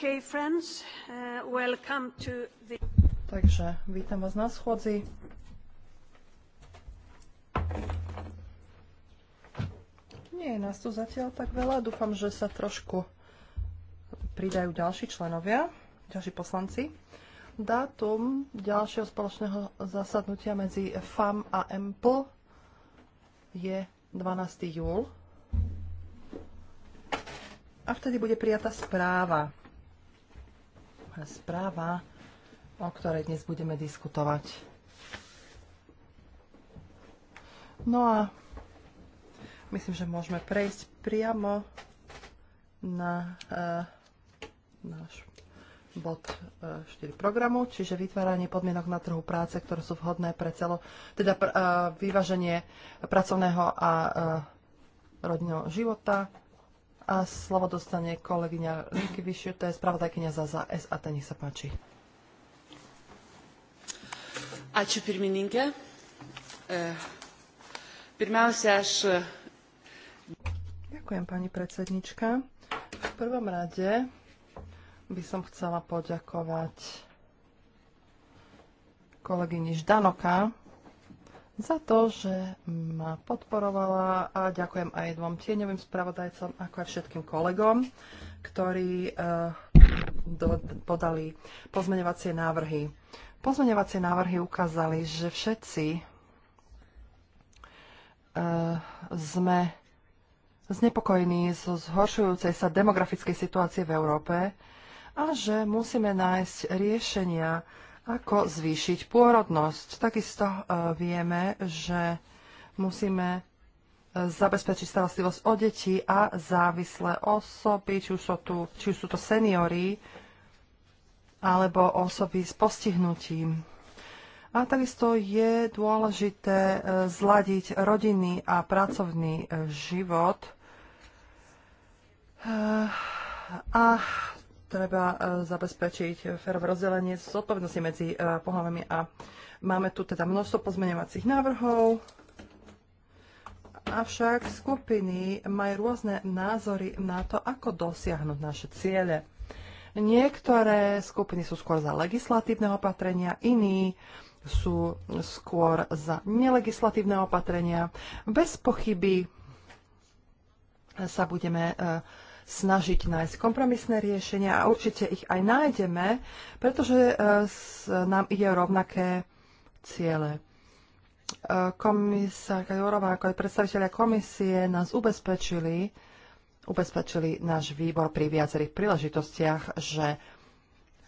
Okay, friends, uh, welcome to the... Takže vítam vás na schôdzi. Nie je nás tu zatiaľ tak veľa. Dúfam, že sa trošku pridajú ďalší členovia, ďalší poslanci. Dátum ďalšieho spoločného zasadnutia medzi FAM a EMPL je 12. júl a vtedy bude prijatá správa správa, o ktorej dnes budeme diskutovať. No a myslím, že môžeme prejsť priamo na uh, náš bod 4 eh, programu, čiže vytváranie podmienok na trhu práce, ktoré sú vhodné pre celo, teda pr- eh, vyváženie pracovného a uh, rodinného života. A slovo dostane kolegyňa Linky Vyššiu, to je spravodajkyňa za, za ten nech sa páči. Ačiū pirmininkė. E, pirmiausia, aš... E, Ďakujem, pani predsednička. V prvom rade by som chcela poďakovať kolegyni Ždanoka za to, že ma podporovala a ďakujem aj dvom tieňovým spravodajcom, ako aj všetkým kolegom, ktorí uh, do, podali pozmeňovacie návrhy. Pozmeňovacie návrhy ukázali, že všetci uh, sme znepokojení zo zhoršujúcej sa demografickej situácie v Európe a že musíme nájsť riešenia, ako zvýšiť pôrodnosť. Takisto e, vieme, že musíme e, zabezpečiť starostlivosť o deti a závislé osoby, či už sú, tu, či už sú to seniory alebo osoby s postihnutím. A takisto je dôležité e, zladiť rodinný a pracovný život. A treba e, zabezpečiť férové rozdelenie zodpovednosti medzi e, pohľavami a máme tu teda množstvo pozmeňovacích návrhov, avšak skupiny majú rôzne názory na to, ako dosiahnuť naše ciele. Niektoré skupiny sú skôr za legislatívne opatrenia, iní sú skôr za nelegislatívne opatrenia. Bez pochyby sa budeme uh, snažiť nájsť kompromisné riešenia a určite ich aj nájdeme, pretože e, nám ide o rovnaké ciele. E, komisárka Jorová, ako aj predstaviteľia komisie, nás ubezpečili, ubezpečili náš výbor pri viacerých príležitostiach, že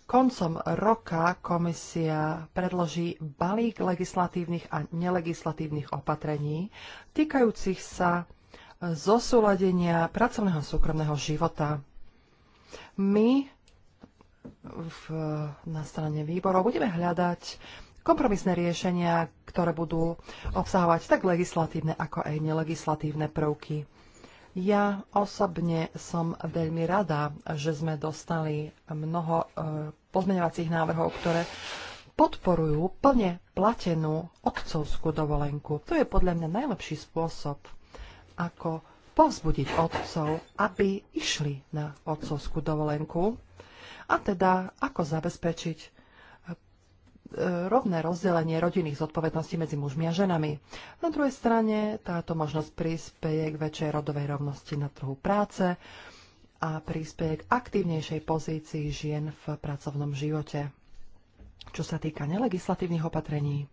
koncom roka komisia predloží balík legislatívnych a nelegislatívnych opatrení týkajúcich sa zosúladenia pracovného a súkromného života. My v, na strane výborov budeme hľadať kompromisné riešenia, ktoré budú obsahovať tak legislatívne, ako aj nelegislatívne prvky. Ja osobne som veľmi rada, že sme dostali mnoho e, pozmeňovacích návrhov, ktoré podporujú plne platenú otcovskú dovolenku. To je podľa mňa najlepší spôsob, ako povzbudiť otcov, aby išli na otcovskú dovolenku a teda ako zabezpečiť e, rovné rozdelenie rodinných zodpovedností medzi mužmi a ženami. Na druhej strane táto možnosť prispieje k väčšej rodovej rovnosti na trhu práce a prispieje k aktívnejšej pozícii žien v pracovnom živote. Čo sa týka nelegislatívnych opatrení,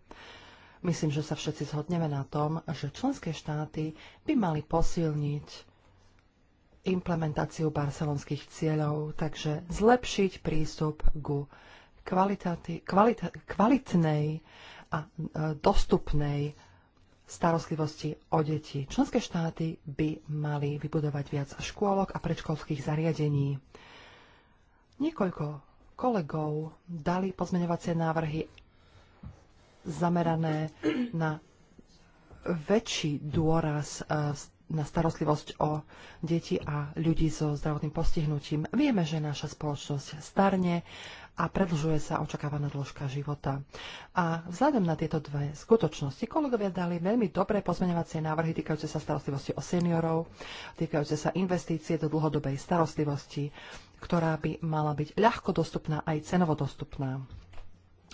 Myslím, že sa všetci zhodneme na tom, že členské štáty by mali posilniť implementáciu barcelonských cieľov, takže zlepšiť prístup ku kvalitnej a e, dostupnej starostlivosti o deti. Členské štáty by mali vybudovať viac škôlok a predškolských zariadení. Niekoľko kolegov dali pozmeňovacie návrhy zamerané na väčší dôraz e, na starostlivosť o deti a ľudí so zdravotným postihnutím. Vieme, že naša spoločnosť starne a predlžuje sa očakávaná dĺžka života. A vzhľadom na tieto dve skutočnosti kolegovia dali veľmi dobré pozmeňovacie návrhy týkajúce sa starostlivosti o seniorov, týkajúce sa investície do dlhodobej starostlivosti, ktorá by mala byť ľahko dostupná aj cenovo dostupná.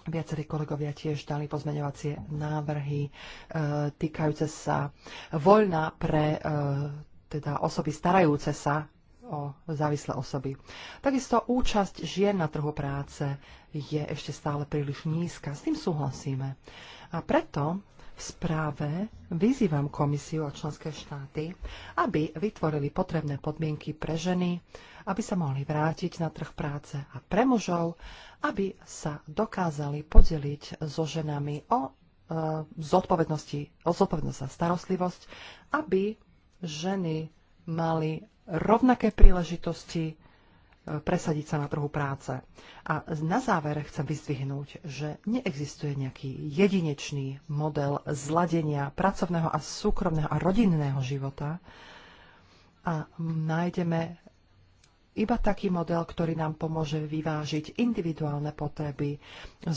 Viacerí kolegovia tiež dali pozmeňovacie návrhy e, týkajúce sa voľna pre e, teda osoby starajúce sa o závislé osoby. Takisto účasť žien na trhu práce je ešte stále príliš nízka. S tým súhlasíme. A preto v správe vyzývam komisiu a členské štáty, aby vytvorili potrebné podmienky pre ženy, aby sa mohli vrátiť na trh práce a pre mužov, aby sa dokázali podeliť so ženami o e, zodpovednosti, o zodpovednosť za starostlivosť, aby ženy mali rovnaké príležitosti presadiť sa na trhu práce. A na záver chcem vyzdvihnúť, že neexistuje nejaký jedinečný model zladenia pracovného a súkromného a rodinného života a nájdeme iba taký model, ktorý nám pomôže vyvážiť individuálne potreby v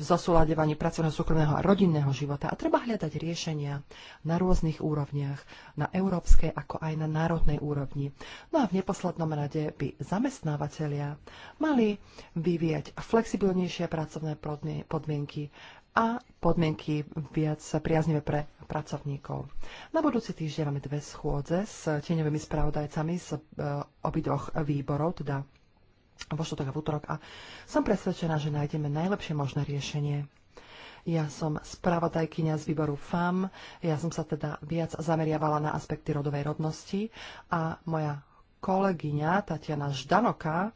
zosúľadevaní pracovného, súkromného a rodinného života. A treba hľadať riešenia na rôznych úrovniach, na európskej ako aj na národnej úrovni. No a v neposlednom rade by zamestnávateľia mali vyvíjať flexibilnejšie pracovné podmienky, a podmienky viac priaznivé pre pracovníkov. Na budúci týždeň máme dve schôdze s tieňovými spravodajcami z e, obidvoch výborov, teda vo štotok a v útorok a som presvedčená, že nájdeme najlepšie možné riešenie. Ja som spravodajkynia z výboru FAM, ja som sa teda viac zameriavala na aspekty rodovej rodnosti a moja kolegyňa Tatiana Ždanoka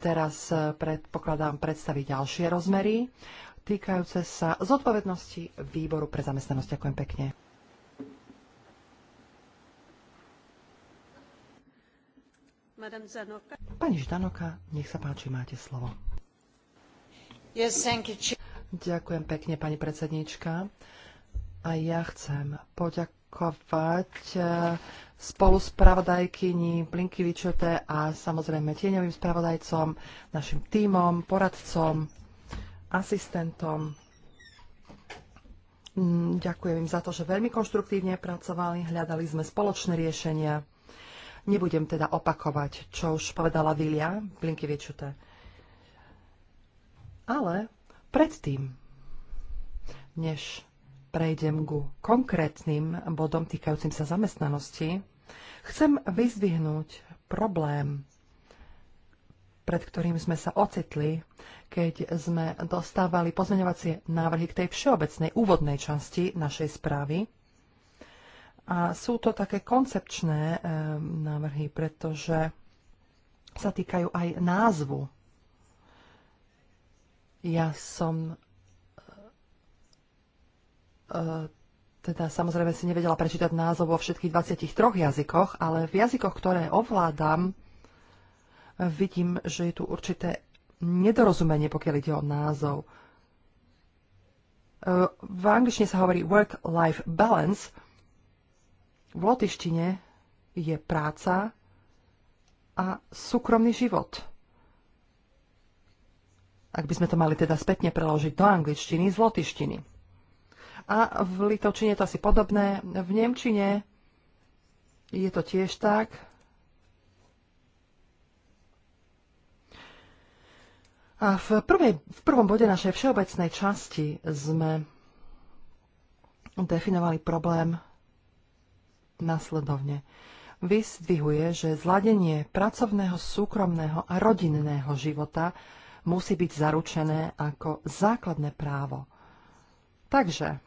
teraz predpokladám predstaviť ďalšie rozmery týkajúce sa zodpovednosti výboru pre zamestnanosť. Ďakujem pekne. Pani Ždanoka, nech sa páči, máte slovo. Ďakujem pekne, pani predsednička. A ja chcem poďakovať eh, spolu s pravodajkyni Blinkyvičote a samozrejme tieňovým spravodajcom, našim tímom, poradcom asistentom. Mm, ďakujem im za to, že veľmi konštruktívne pracovali, hľadali sme spoločné riešenia. Nebudem teda opakovať, čo už povedala Vilia viečuté. Ale predtým, než prejdem ku konkrétnym bodom týkajúcim sa zamestnanosti, chcem vyzvihnúť problém pred ktorým sme sa ocitli, keď sme dostávali pozmeňovacie návrhy k tej všeobecnej úvodnej časti našej správy. A sú to také koncepčné eh, návrhy, pretože sa týkajú aj názvu. Ja som eh, teda samozrejme si nevedela prečítať názov vo všetkých 23 jazykoch, ale v jazykoch, ktoré ovládam, vidím, že je tu určité nedorozumenie, pokiaľ ide o názov. E, v angličtine sa hovorí work-life balance. V lotištine je práca a súkromný život. Ak by sme to mali teda spätne preložiť do angličtiny z lotištiny. A v litovčine je to asi podobné. V nemčine je to tiež tak. A v, prvej, v prvom bode našej všeobecnej časti sme definovali problém nasledovne. Vyzdvihuje, že zladenie pracovného, súkromného a rodinného života musí byť zaručené ako základné právo. Takže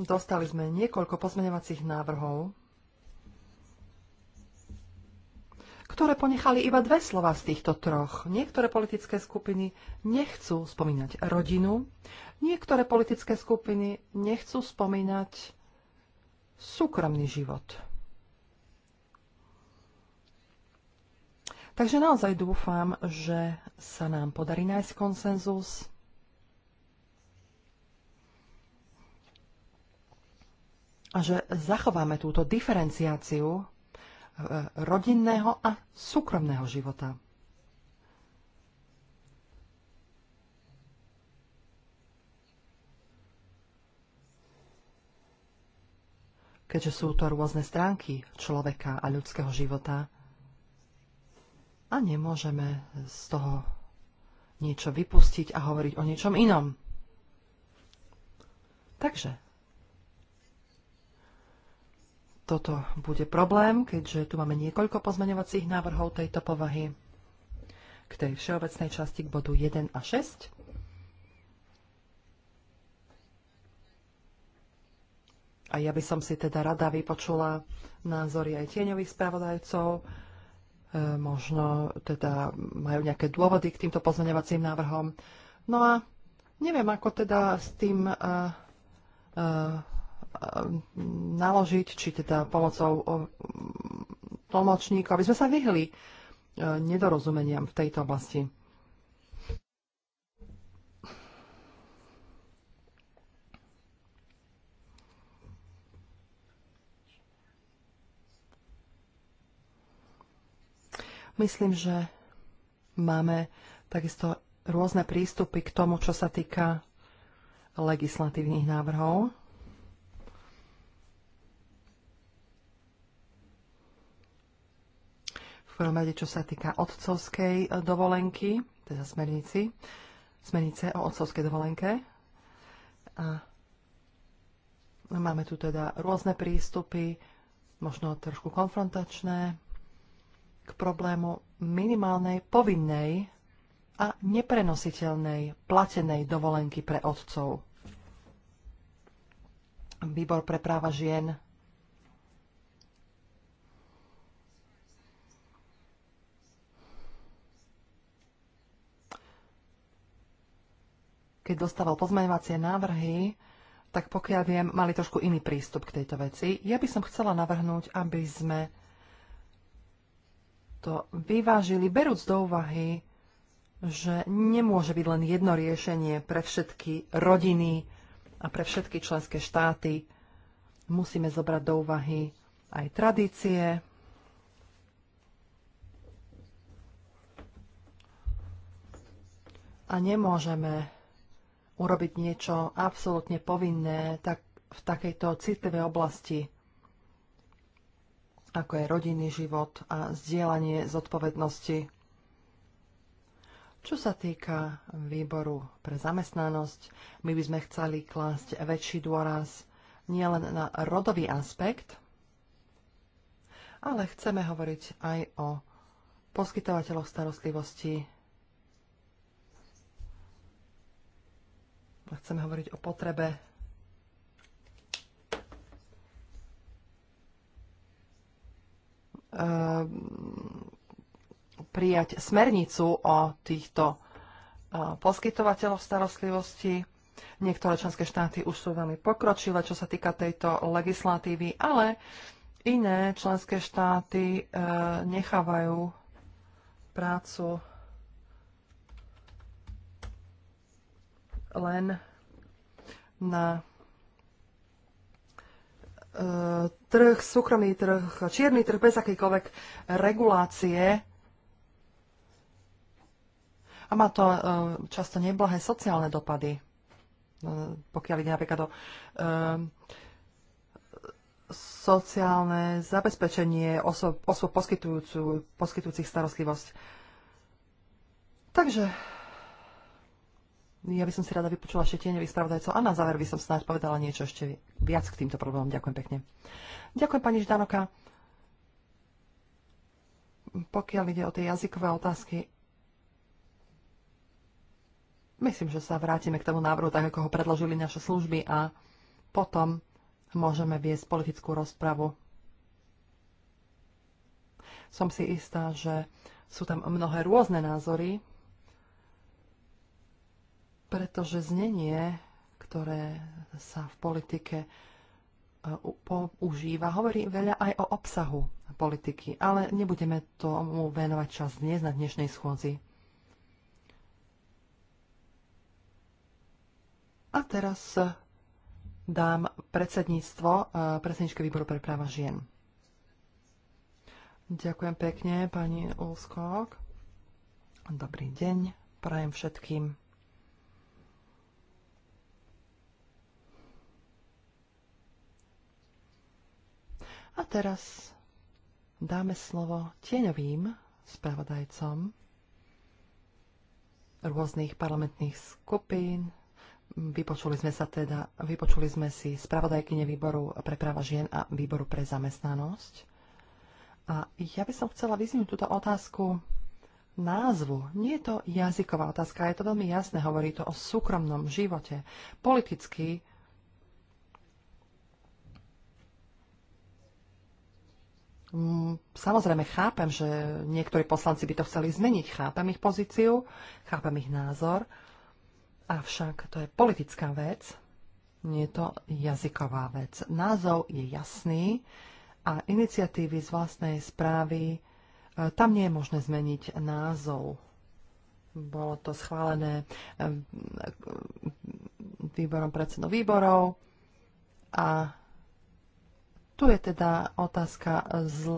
dostali sme niekoľko pozmeňovacích návrhov ktoré ponechali iba dve slova z týchto troch. Niektoré politické skupiny nechcú spomínať rodinu, niektoré politické skupiny nechcú spomínať súkromný život. Takže naozaj dúfam, že sa nám podarí nájsť konsenzus. A že zachováme túto diferenciáciu Eh, rodinného a súkromného života. Keďže sú to rôzne stránky človeka a ľudského života a nemôžeme z toho niečo vypustiť a hovoriť o niečom inom. Takže toto bude problém, keďže tu máme niekoľko pozmeňovacích návrhov tejto povahy k tej všeobecnej časti k bodu 1 a 6. A ja by som si teda rada vypočula názory aj tieňových spravodajcov. E, možno teda majú nejaké dôvody k týmto pozmeňovacím návrhom. No a neviem, ako teda s tým uh, e, uh, e, Eh, naložiť, či teda pomocou tlmočníkov, aby sme sa vyhli eh, nedorozumeniam v tejto oblasti. Myslím, že máme takisto rôzne prístupy k tomu, čo sa týka legislatívnych návrhov. prvom rade, čo sa týka otcovskej e, dovolenky, teda smernici, smernice o otcovskej dovolenke. A máme tu teda rôzne prístupy, možno trošku konfrontačné, k problému minimálnej povinnej a neprenositeľnej platenej dovolenky pre otcov. Výbor pre práva žien keď dostával pozmeňovacie návrhy, tak pokiaľ viem, mali trošku iný prístup k tejto veci. Ja by som chcela navrhnúť, aby sme to vyvážili, berúc do úvahy, že nemôže byť len jedno riešenie pre všetky rodiny a pre všetky členské štáty. Musíme zobrať do úvahy aj tradície, a nemôžeme urobiť niečo absolútne povinné tak, v takejto citlivej oblasti, ako je rodinný život a zdieľanie zodpovednosti. Čo sa týka výboru pre zamestnanosť, my by sme chceli klásť väčší dôraz nielen na rodový aspekt, ale chceme hovoriť aj o poskytovateľoch starostlivosti Chceme hovoriť o potrebe ehm, prijať smernicu o týchto e, poskytovateľov starostlivosti. Niektoré členské štáty už sú veľmi pokročilé, čo sa týka tejto legislatívy, ale iné členské štáty e, nechávajú prácu len na e, trh, súkromný trh, čierny trh bez akýkoľvek regulácie a má to e, často neblahé sociálne dopady. E, pokiaľ ide napríklad o sociálne zabezpečenie osob, poskytujúcich starostlivosť. Takže ja by som si rada vypočula ešte tieňových spravodajcov a na záver by som snáď povedala niečo ešte viac k týmto problémom. Ďakujem pekne. Ďakujem pani Ždanoka. Pokiaľ ide o tie jazykové otázky, myslím, že sa vrátime k tomu návrhu, tak ako ho predložili naše služby a potom môžeme viesť politickú rozpravu. Som si istá, že sú tam mnohé rôzne názory, pretože znenie, ktoré sa v politike e, používa, hovorí veľa aj o obsahu politiky, ale nebudeme tomu venovať čas dnes na dnešnej schôdzi. A teraz dám predsedníctvo e, predsedničke výboru pre práva žien. Ďakujem pekne, pani Úskok. Dobrý deň, prajem všetkým. A teraz dáme slovo tieňovým spravodajcom rôznych parlamentných skupín. Vypočuli sme sa teda, vypočuli sme si spravodajkyne výboru pre práva žien a výboru pre zamestnanosť. A ja by som chcela vyzvihnúť túto otázku názvu. Nie je to jazyková otázka, je to veľmi jasné, hovorí to o súkromnom živote. Politicky Mm, samozrejme, chápem, že niektorí poslanci by to chceli zmeniť. Chápem ich pozíciu, chápem ich názor, avšak to je politická vec, nie je to jazyková vec. Názov je jasný a iniciatívy z vlastnej správy, e, tam nie je možné zmeniť názov. Bolo to schválené e, e, výborom predsedov výborov a tu je teda otázka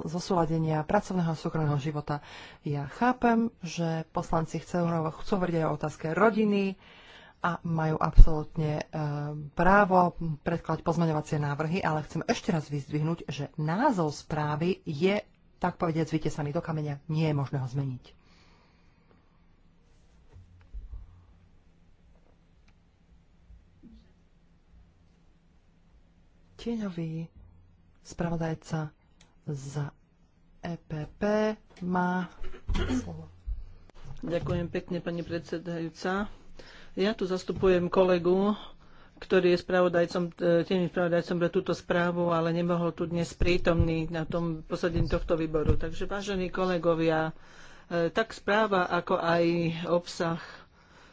zosúladenia pracovného a súkromného života. Ja chápem, že poslanci chcú, chcú hovoriť aj o otázke rodiny a majú absolútne e, právo predkladať pozmeňovacie návrhy, ale chcem ešte raz vyzdvihnúť, že názov správy je, tak povediať, vytesaný do kameňa. Nie je možné ho zmeniť. Tieňový Spravodajca za EPP má slovo. Ďakujem pekne, pani predsedajúca. Ja tu zastupujem kolegu, ktorý je spravodajcom, e, tým spravodajcom pre túto správu, ale nemohol tu dnes prítomný na tom posadení tohto výboru. Takže vážení kolegovia, e, tak správa, ako aj obsah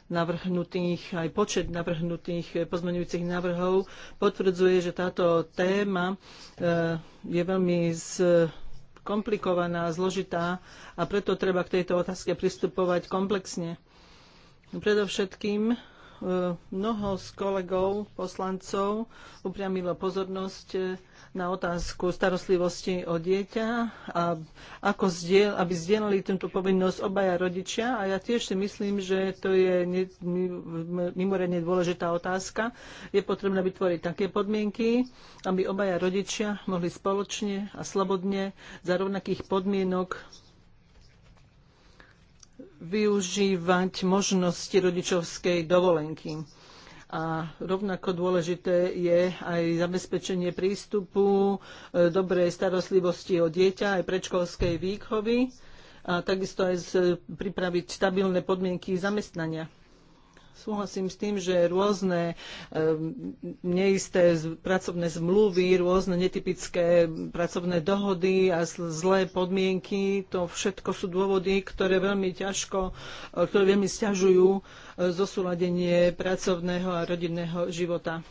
navrhnutých, aj počet navrhnutých pozmeňujúcich návrhov potvrdzuje, že táto téma eh, je veľmi z komplikovaná, zložitá a preto treba k tejto otázke pristupovať komplexne. Predovšetkým E, mnoho z kolegov, poslancov upriamilo pozornosť e, na otázku starostlivosti o dieťa a ako zdieľ, aby zdieľali túto povinnosť obaja rodičia. A ja tiež si myslím, že to je mimoriadne dôležitá otázka. Je potrebné vytvoriť také podmienky, aby obaja rodičia mohli spoločne a slobodne za rovnakých podmienok využívať možnosti rodičovskej dovolenky. A rovnako dôležité je aj zabezpečenie prístupu, e, dobrej starostlivosti o dieťa, aj predškolskej výchovy a takisto aj e, pripraviť stabilné podmienky zamestnania súhlasím s tým, že rôzne ehm, neisté pracovné zmluvy, rôzne netypické pracovné dohody a zlé podmienky, to všetko sú dôvody, ktoré veľmi ťažko, e, ktoré veľmi stiažujú e, zosúladenie pracovného a rodinného života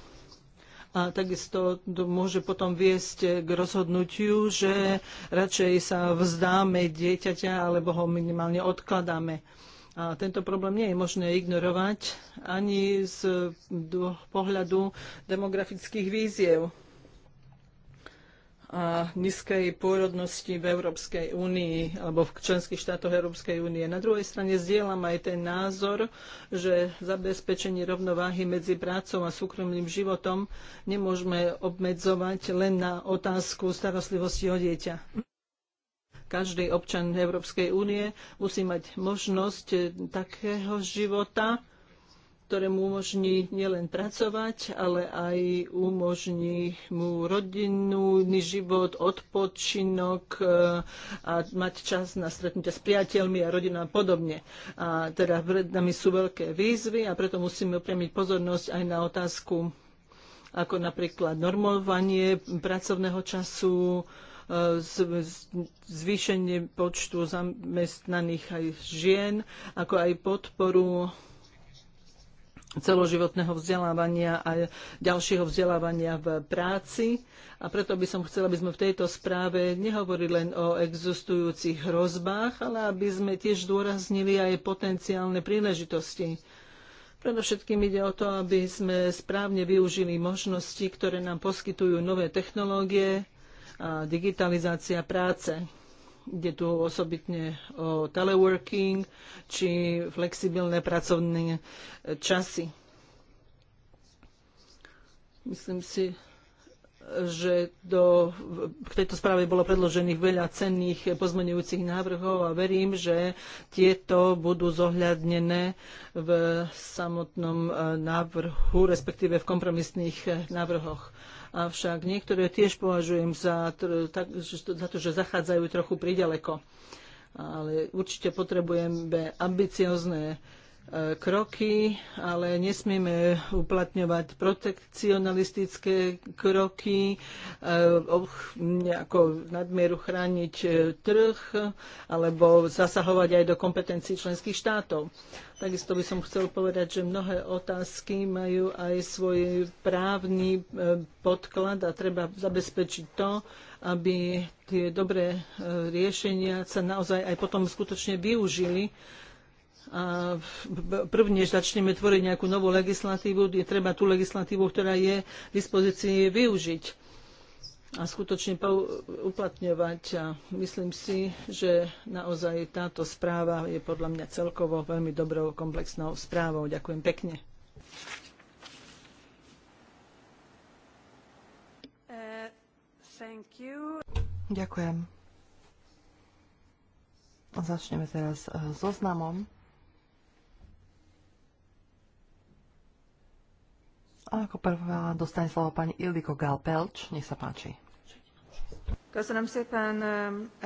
a takisto to môže potom viesť k rozhodnutiu, že radšej sa vzdáme dieťaťa alebo ho minimálne odkladáme. A tento problém nie je možné ignorovať ani z pohľadu demografických víziev a nízkej pôrodnosti v Európskej únii alebo v členských štátoch Európskej únie. Na druhej strane zdieľam aj ten názor, že zabezpečenie rovnováhy medzi prácou a súkromným životom nemôžeme obmedzovať len na otázku starostlivosti o dieťa každý občan Európskej únie musí mať možnosť takého života, mu umožní nielen pracovať, ale aj umožní mu rodinný život, odpočinok e, a mať čas na stretnutia s priateľmi a rodinou a podobne. A teda pred nami sú veľké výzvy a preto musíme upriamiť pozornosť aj na otázku ako napríklad normovanie pracovného času, zvýšenie počtu zamestnaných aj žien, ako aj podporu celoživotného vzdelávania a ďalšieho vzdelávania v práci. A preto by som chcela, aby sme v tejto správe nehovorili len o existujúcich hrozbách, ale aby sme tiež dôraznili aj potenciálne príležitosti. Predovšetkým ide o to, aby sme správne využili možnosti, ktoré nám poskytujú nové technológie, a digitalizácia práce. Ide tu osobitne o teleworking či flexibilné pracovné časy. Myslím si, že do, k tejto správe bolo predložených veľa cenných pozmenujúcich návrhov a verím, že tieto budú zohľadnené v samotnom návrhu, respektíve v kompromisných návrhoch avšak niektoré tiež považujem za, za to, že zachádzajú trochu pridaleko. Ale určite potrebujeme ambiciozne kroky, ale nesmieme uplatňovať protekcionalistické kroky, nejako eh, nadmieru chrániť eh, trh alebo zasahovať aj do kompetencií členských štátov. Takisto by som chcel povedať, že mnohé otázky majú aj svoj právny eh, podklad a treba zabezpečiť to, aby tie dobré riešenia sa naozaj aj potom skutočne využili a prvne, začneme tvoriť nejakú novú legislatívu, je treba tú legislatívu, ktorá je v dispozícii, využiť a skutočne uplatňovať. A myslím si, že naozaj táto správa je podľa mňa celkovo veľmi dobrou komplexnou správou. Ďakujem pekne. Ďakujem. Začneme teraz eh, so znamom. A ako prvá dostane slovo pani Ildiko Galpelč. Nech sa páči. Köszönöm szépen,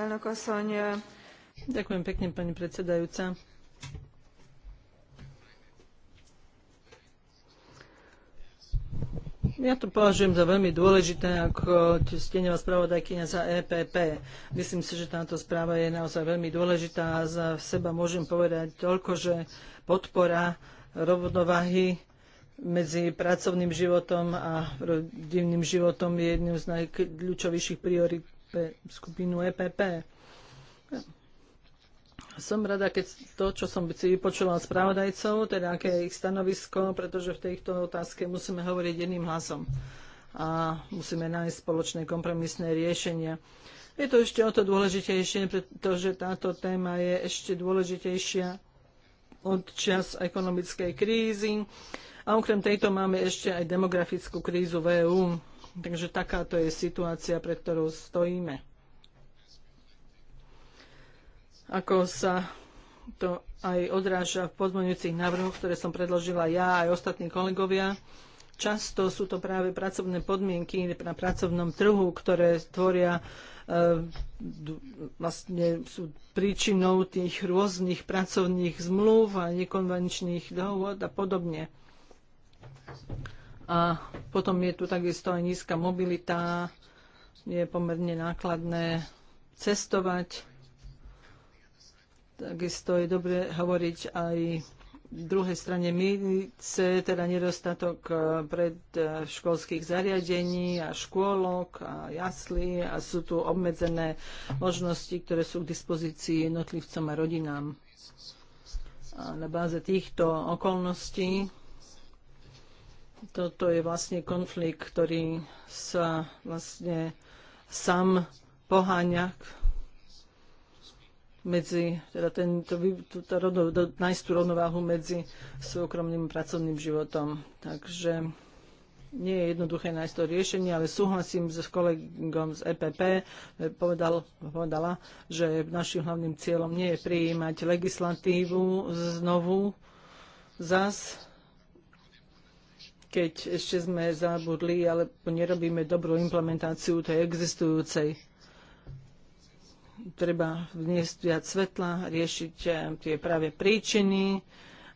elnök asszony. Ďakujem pekne, pani predsedajúca. Ja to považujem za veľmi dôležité ako steňová spravodajkynia za EPP. Myslím si, že táto správa je naozaj veľmi dôležitá a za seba môžem povedať toľko, že podpora rovnováhy medzi pracovným životom a rodinným životom je jednou z najkľúčovejších priorit pre skupinu EPP. Som rada, keď to, čo som si vypočula od správodajcov, teda aké je ich stanovisko, pretože v tejto otázke musíme hovoriť jedným hlasom a musíme nájsť spoločné kompromisné riešenia. Je to ešte o to dôležitejšie, pretože táto téma je ešte dôležitejšia od čas ekonomickej krízy. A okrem tejto máme ešte aj demografickú krízu v EÚ. Takže takáto je situácia, pred ktorou stojíme. Ako sa to aj odráža v pozmeňujúcich návrhoch, ktoré som predložila ja aj ostatní kolegovia, často sú to práve pracovné podmienky na pracovnom trhu, ktoré tvoria e, vlastne sú príčinou tých rôznych pracovných zmluv a nekonvenčných dohôd a podobne. A potom je tu takisto aj nízka mobilita, je pomerne nákladné cestovať. Takisto je dobre hovoriť aj v druhej strane milice, teda nedostatok e, predškolských zariadení a škôlok a jaslí a sú tu obmedzené možnosti, ktoré sú k dispozícii jednotlivcom a rodinám. A na báze týchto okolností toto je vlastne konflikt, ktorý sa vlastne sám poháňa medzi, teda tento, túto rovno, nájsť tú rovnováhu medzi súkromným pracovným životom. Takže nie je jednoduché nájsť to riešenie, ale súhlasím s kolegom z EPP, eh, povedal, povedala, že našim hlavným cieľom nie je prijímať legislatívu znovu zas, keď ešte sme zabudli alebo nerobíme dobrú implementáciu tej existujúcej. Treba vniesť viac svetla, riešiť eh, tie práve príčiny,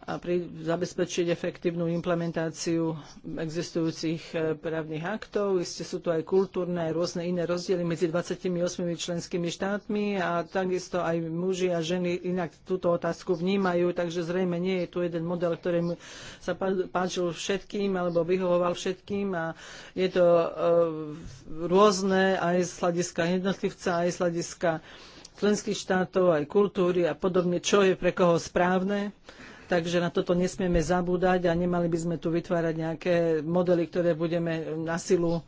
a pri, zabezpečiť efektívnu implementáciu existujúcich e, právnych aktov. Isté sú tu aj kultúrne, aj rôzne iné rozdiely medzi 28 členskými štátmi a takisto aj muži a ženy inak túto otázku vnímajú, takže zrejme nie je tu jeden model, ktorý sa páčil všetkým alebo vyhovoval všetkým a je to e, rôzne aj z hľadiska jednotlivca, aj z hľadiska členských štátov, aj kultúry a podobne, čo je pre koho správne takže na toto nesmieme zabúdať a nemali by sme tu vytvárať nejaké modely, ktoré budeme na silu e,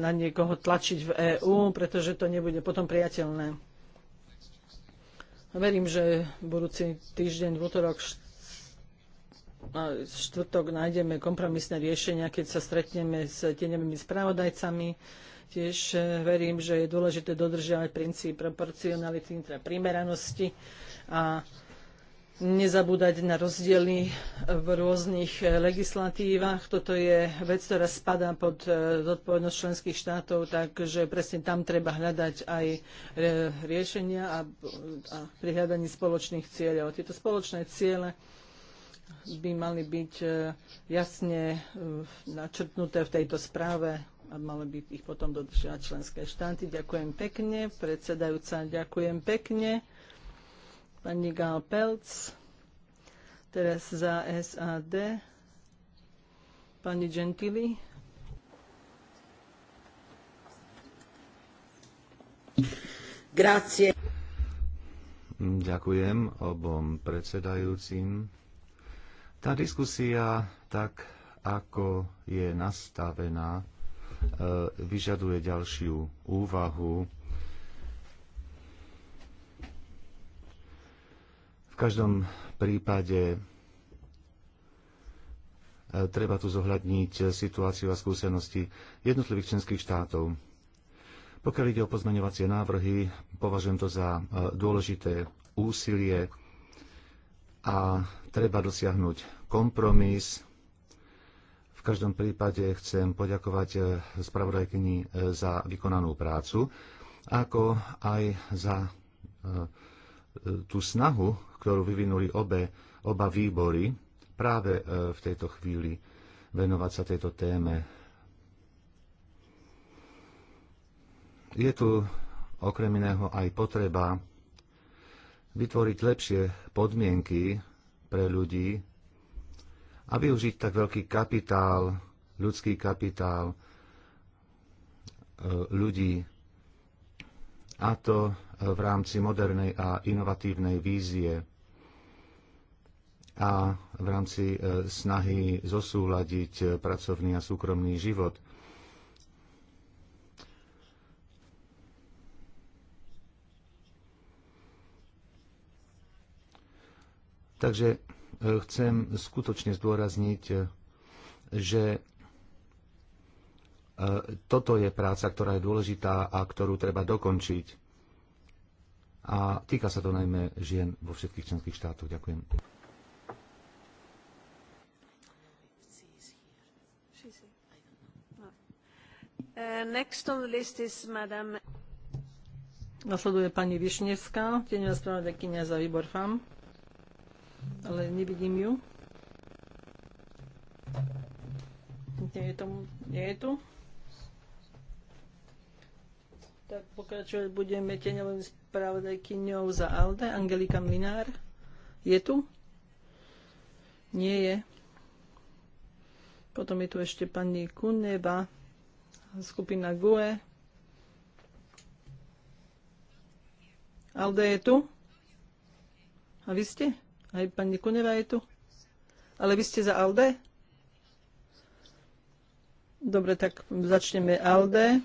na niekoho tlačiť v EÚ, pretože to nebude potom priateľné. Verím, že budúci týždeň, v útorok, štvrtok nájdeme kompromisné riešenia, keď sa stretneme s tieňovými spravodajcami. Tiež e, verím, že je dôležité dodržiavať princíp proporcionality, teda primeranosti a nezabúdať na rozdiely v rôznych eh, legislatívach. Toto je vec, ktorá spadá pod eh, zodpovednosť členských štátov, takže presne tam treba hľadať aj eh, riešenia a, a pri hľadaní spoločných cieľov. Tieto spoločné ciele by mali byť jasne načrtnuté v tejto správe a mali by ich potom dodržiavať členské štáty. Ďakujem pekne. Predsedajúca, ďakujem pekne pani Gal Pelc, teraz za SAD, pani Gentili. Grazie. Ďakujem obom predsedajúcim. Tá diskusia, tak ako je nastavená, e, vyžaduje ďalšiu úvahu každom prípade e, treba tu zohľadniť situáciu a skúsenosti jednotlivých členských štátov. Pokiaľ ide o pozmeňovacie návrhy, považujem to za e, dôležité úsilie a treba dosiahnuť kompromis. V každom prípade chcem poďakovať e, spravodajkyni za vykonanú prácu, ako aj za tú snahu, ktorú vyvinuli obe, oba výbory práve e, v tejto chvíli venovať sa tejto téme. Je tu okrem iného aj potreba vytvoriť lepšie podmienky pre ľudí a využiť tak veľký kapitál, ľudský kapitál e, ľudí. A to v rámci modernej a inovatívnej vízie a v rámci e, snahy zosúľadiť e, pracovný a súkromný život. Takže e, chcem skutočne zdôrazniť, že toto je práca, ktorá je dôležitá a ktorú treba dokončiť a týka sa to najmä žien vo všetkých členských štátoch. Ďakujem. Nasleduje pani Višnevská, tieňová spravodajkynia za výbor FAM, ale nevidím ju. Nie je, tomu, nie je tu. Tak pokračovať budeme tieňovým spravodajkyňou za ALDE, Angelika Mlinár. Je tu? Nie je. Potom je tu ešte pani Kuneva, skupina GUE. Alde je tu? A vy ste? Aj pani Kuneva je tu? Ale vy ste za Alde? Dobre, tak začneme Alde.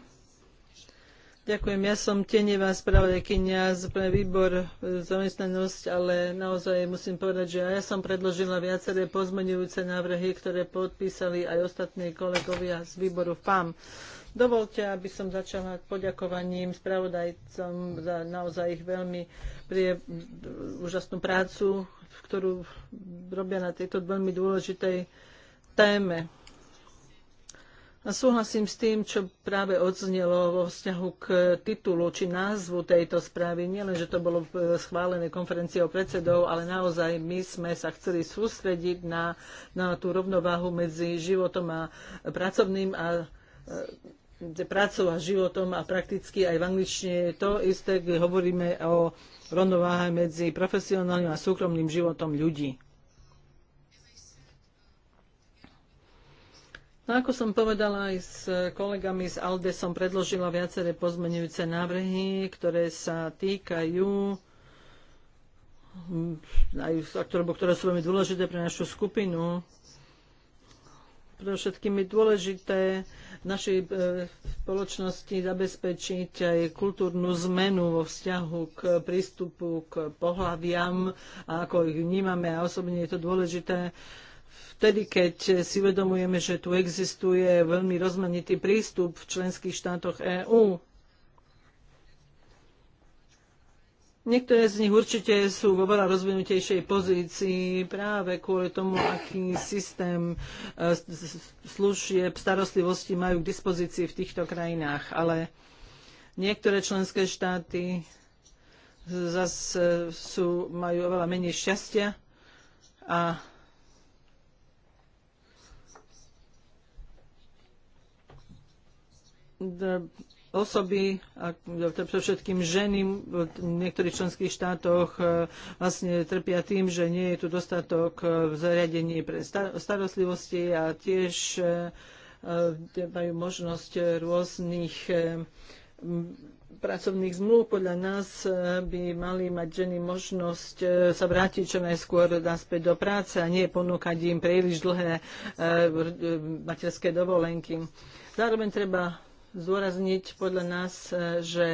Ďakujem. Ja som tenevá spravodajkynia pre výbor e, zamestnanosť, ale naozaj musím povedať, že ja som predložila viaceré pozmenujúce návrhy, ktoré podpísali aj ostatní kolegovia z výboru PAM. Dovolte, aby som začala poďakovaním spravodajcom za naozaj ich veľmi prie, úžasnú prácu, ktorú robia na tejto veľmi dôležitej téme. A súhlasím s tým, čo práve odznelo vo vzťahu k titulu či názvu tejto správy. Nielen, že to bolo e, schválené konferenciou predsedov, ale naozaj my sme sa chceli sústrediť na, na tú rovnováhu medzi životom a pracovným a e, prácou a životom a prakticky aj v angličtine je to isté, keď hovoríme o rovnováhe medzi profesionálnym a súkromným životom ľudí. No ako som povedala aj s e, kolegami z ALDE, som predložila viaceré pozmenujúce návrhy, ktoré sa týkajú aj, ktoré, ktoré sú veľmi dôležité pre našu skupinu. Pre všetkým je dôležité v našej e, spoločnosti zabezpečiť aj kultúrnu zmenu vo vzťahu k prístupu k pohľaviam a ako ich vnímame a osobne je to dôležité vtedy, keď si uvedomujeme, že tu existuje veľmi rozmanitý prístup v členských štátoch EÚ. Niektoré z nich určite sú vo veľa rozvinutejšej pozícii práve kvôli tomu, aký systém e, služieb starostlivosti majú k dispozícii v týchto krajinách. Ale niektoré členské štáty zase sú, majú oveľa menej šťastia a osoby, pre všetkým ženy v niektorých členských štátoch e, vlastne trpia tým, že nie je tu dostatok e, zariadení pre starostlivosti a tiež e, majú možnosť rôznych pracovných zmluv. Podľa nás by mali mať ženy možnosť sa vrátiť čo najskôr naspäť do práce a nie ponúkať im príliš dlhé materské dovolenky. Zároveň treba zdôrazniť podľa nás, e, že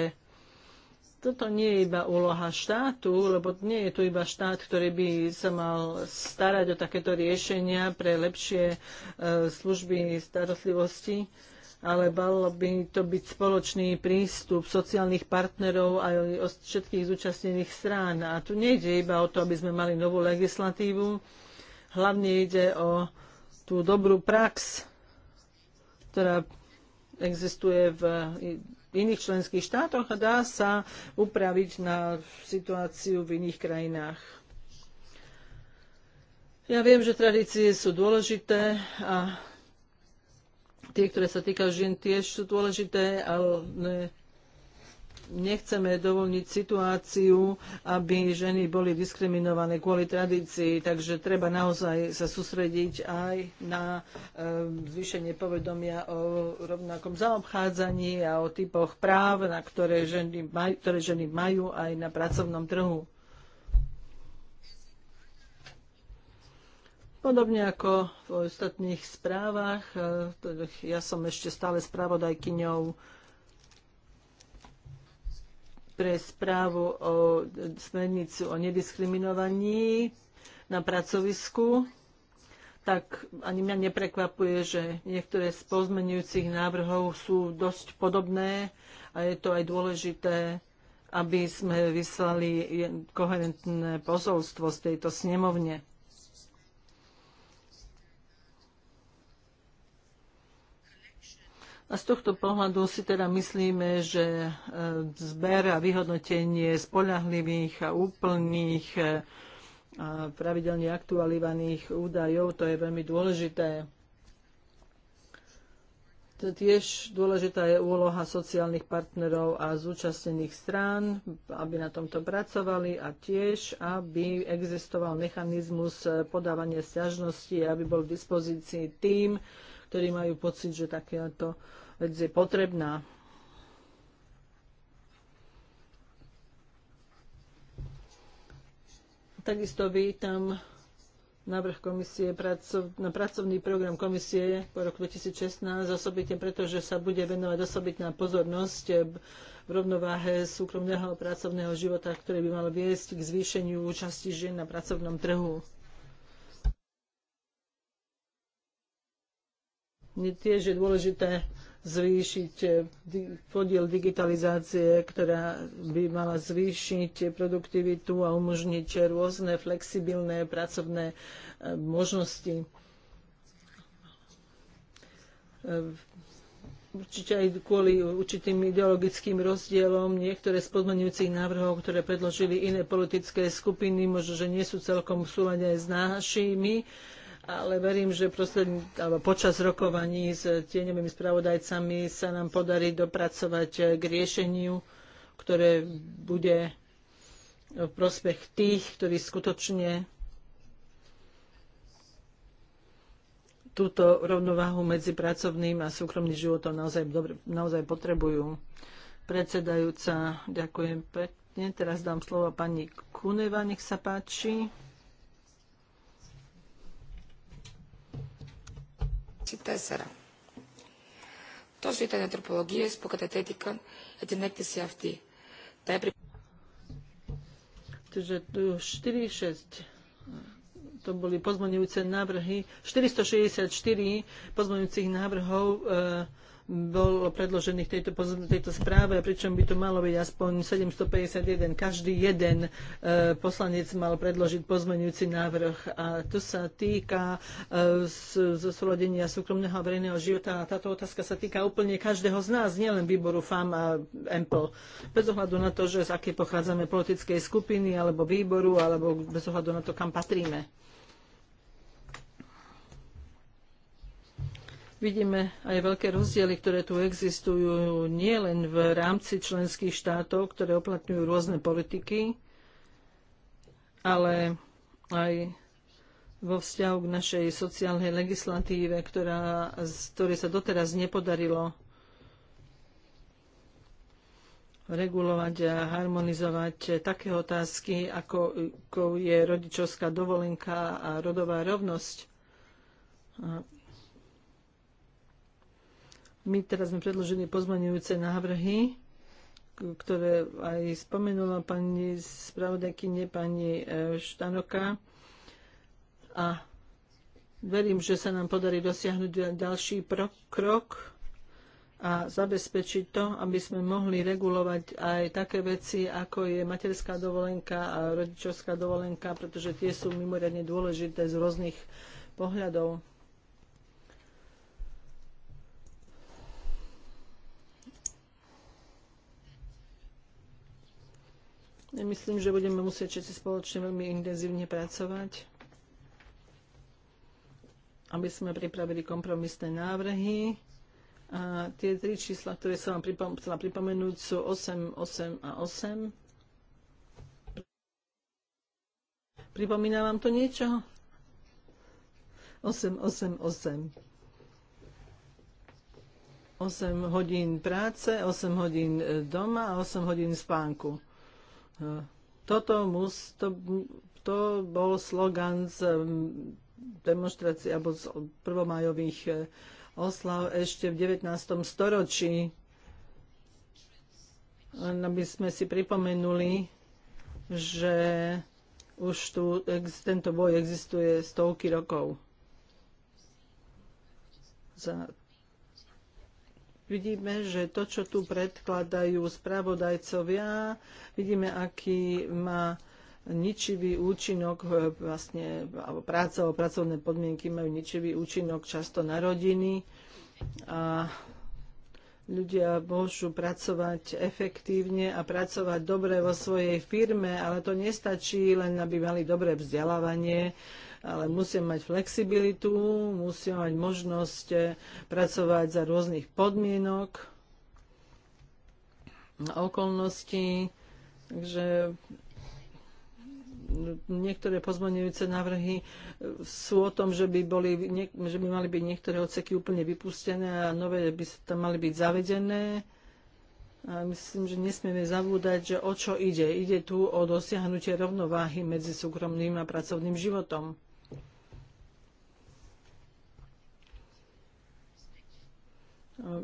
toto nie je iba úloha štátu, lebo nie je tu iba štát, ktorý by sa mal starať o takéto riešenia pre lepšie e, služby starostlivosti, ale mal by to byť spoločný prístup sociálnych partnerov aj od všetkých zúčastnených strán. A tu nejde iba o to, aby sme mali novú legislatívu, hlavne ide o tú dobrú prax, ktorá existuje v iných členských štátoch a dá sa upraviť na situáciu v iných krajinách. Ja viem, že tradície sú dôležité a tie, ktoré sa týkajú žien, tiež sú dôležité, ale nechceme dovolniť situáciu, aby ženy boli diskriminované kvôli tradícii, takže treba naozaj sa sústrediť aj na e, zvýšenie povedomia o rovnakom zaobchádzaní a o typoch práv, na ktoré ženy, maj, ktoré ženy majú aj na pracovnom trhu. Podobne ako v ostatných správach, e, ja som ešte stále spravodajkyňou pre správu o smernicu o nediskriminovaní na pracovisku, tak ani mňa neprekvapuje, že niektoré z pozmenujúcich návrhov sú dosť podobné a je to aj dôležité, aby sme vyslali koherentné posolstvo z tejto snemovne. A z tohto pohľadu si teda myslíme, že e, zber a vyhodnotenie spolahlivých a úplných e, a pravidelne aktualizovaných údajov, to je veľmi dôležité. Tiež dôležitá je úloha sociálnych partnerov a zúčastnených strán, aby na tomto pracovali a tiež, aby existoval mechanizmus e, podávania sťažnosti, aby bol v dispozícii tým, ktorí majú pocit, že takéto vec je potrebná. Takisto vítam návrh komisie pracov, na pracovný program komisie po roku 2016, osobitne preto, že sa bude venovať osobitná pozornosť v rovnováhe súkromného pracovného života, ktorý by mal viesť k zvýšeniu účasti žien na pracovnom trhu. Tiež je dôležité zvýšiť eh, podiel digitalizácie, ktorá by mala zvýšiť produktivitu a umožniť rôzne flexibilné pracovné eh, možnosti. Eh, určite aj kvôli určitým ideologickým rozdielom niektoré z podmenujúcich návrhov, ktoré predložili iné politické skupiny, možno, že nie sú celkom v súlade aj s našimi ale verím, že prosled, alebo počas rokovaní s tieňovými spravodajcami sa nám podarí dopracovať eh, k riešeniu, ktoré bude v prospech tých, ktorí skutočne túto rovnováhu medzi pracovným a súkromným životom naozaj, dobre, naozaj potrebujú. Predsedajúca, ďakujem pekne. Teraz dám slovo pani Kuneva, nech sa páči. 2004. Τόσο ήταν οι τροπολογίες που κατατέθηκαν για την έκθεση αυτή. Τα έπρεπε... Takže tu 4-6 to boli pozmeňujúce návrhy, 464 pozmeňujúcich návrhov e, predložený v tejto, tejto správe, pričom by to malo byť aspoň 751. Každý jeden e, poslanec mal predložiť pozmenujúci návrh. A to sa týka e, zosúladenia súkromného a verejného života. A táto otázka sa týka úplne každého z nás, nielen výboru FAM a EMPL. Bez ohľadu na to, že z aké pochádzame politickej skupiny alebo výboru, alebo bez ohľadu na to, kam patríme. Vidíme aj veľké rozdiely, ktoré tu existujú nielen v rámci členských štátov, ktoré uplatňujú rôzne politiky, ale aj vo vzťahu k našej sociálnej legislatíve, ktorá, z ktorej sa doteraz nepodarilo regulovať a harmonizovať také otázky, ako, ako je rodičovská dovolenka a rodová rovnosť. A my teraz sme predložili pozmaňujúce návrhy, ktoré aj spomenula pani spravodajkyne, pani e, Štanoka. A verím, že sa nám podarí dosiahnuť ďalší krok a zabezpečiť to, aby sme mohli regulovať aj také veci, ako je materská dovolenka a rodičovská dovolenka, pretože tie sú mimoriadne dôležité z rôznych pohľadov. Myslím, že budeme musieť všetci spoločne veľmi intenzívne pracovať, aby sme pripravili kompromisné návrhy. A tie tri čísla, ktoré som vám pripom- chcela pripomenúť, sú 8, 8 a 8. Pripomína vám to niečo? 8, 8, 8. 8 hodín práce, 8 hodín doma a 8 hodín spánku. Toto mus, to, to bol slogan z mm, demonstrácií alebo z prvomajových e, oslav ešte v 19. storočí. Aby sme si pripomenuli, že už tu tento boj existuje stovky rokov. Za vidíme, že to, čo tu predkladajú spravodajcovia, vidíme, aký má ničivý účinok, e, vlastne, alebo práca o pracovné podmienky majú ničivý účinok často na rodiny a ľudia môžu pracovať efektívne a pracovať dobre vo svojej firme, ale to nestačí len, aby mali dobré vzdelávanie, ale musia mať flexibilitu, musia mať možnosť eh, pracovať za rôznych podmienok, okolností. Takže niektoré pozmeňujúce návrhy eh, sú o tom, že by, boli, že by mali byť niektoré odseky úplne vypustené a nové by tam mali byť zavedené. A myslím, že nesmieme zavúdať, že o čo ide. Ide tu o dosiahnutie rovnováhy medzi súkromným a pracovným životom.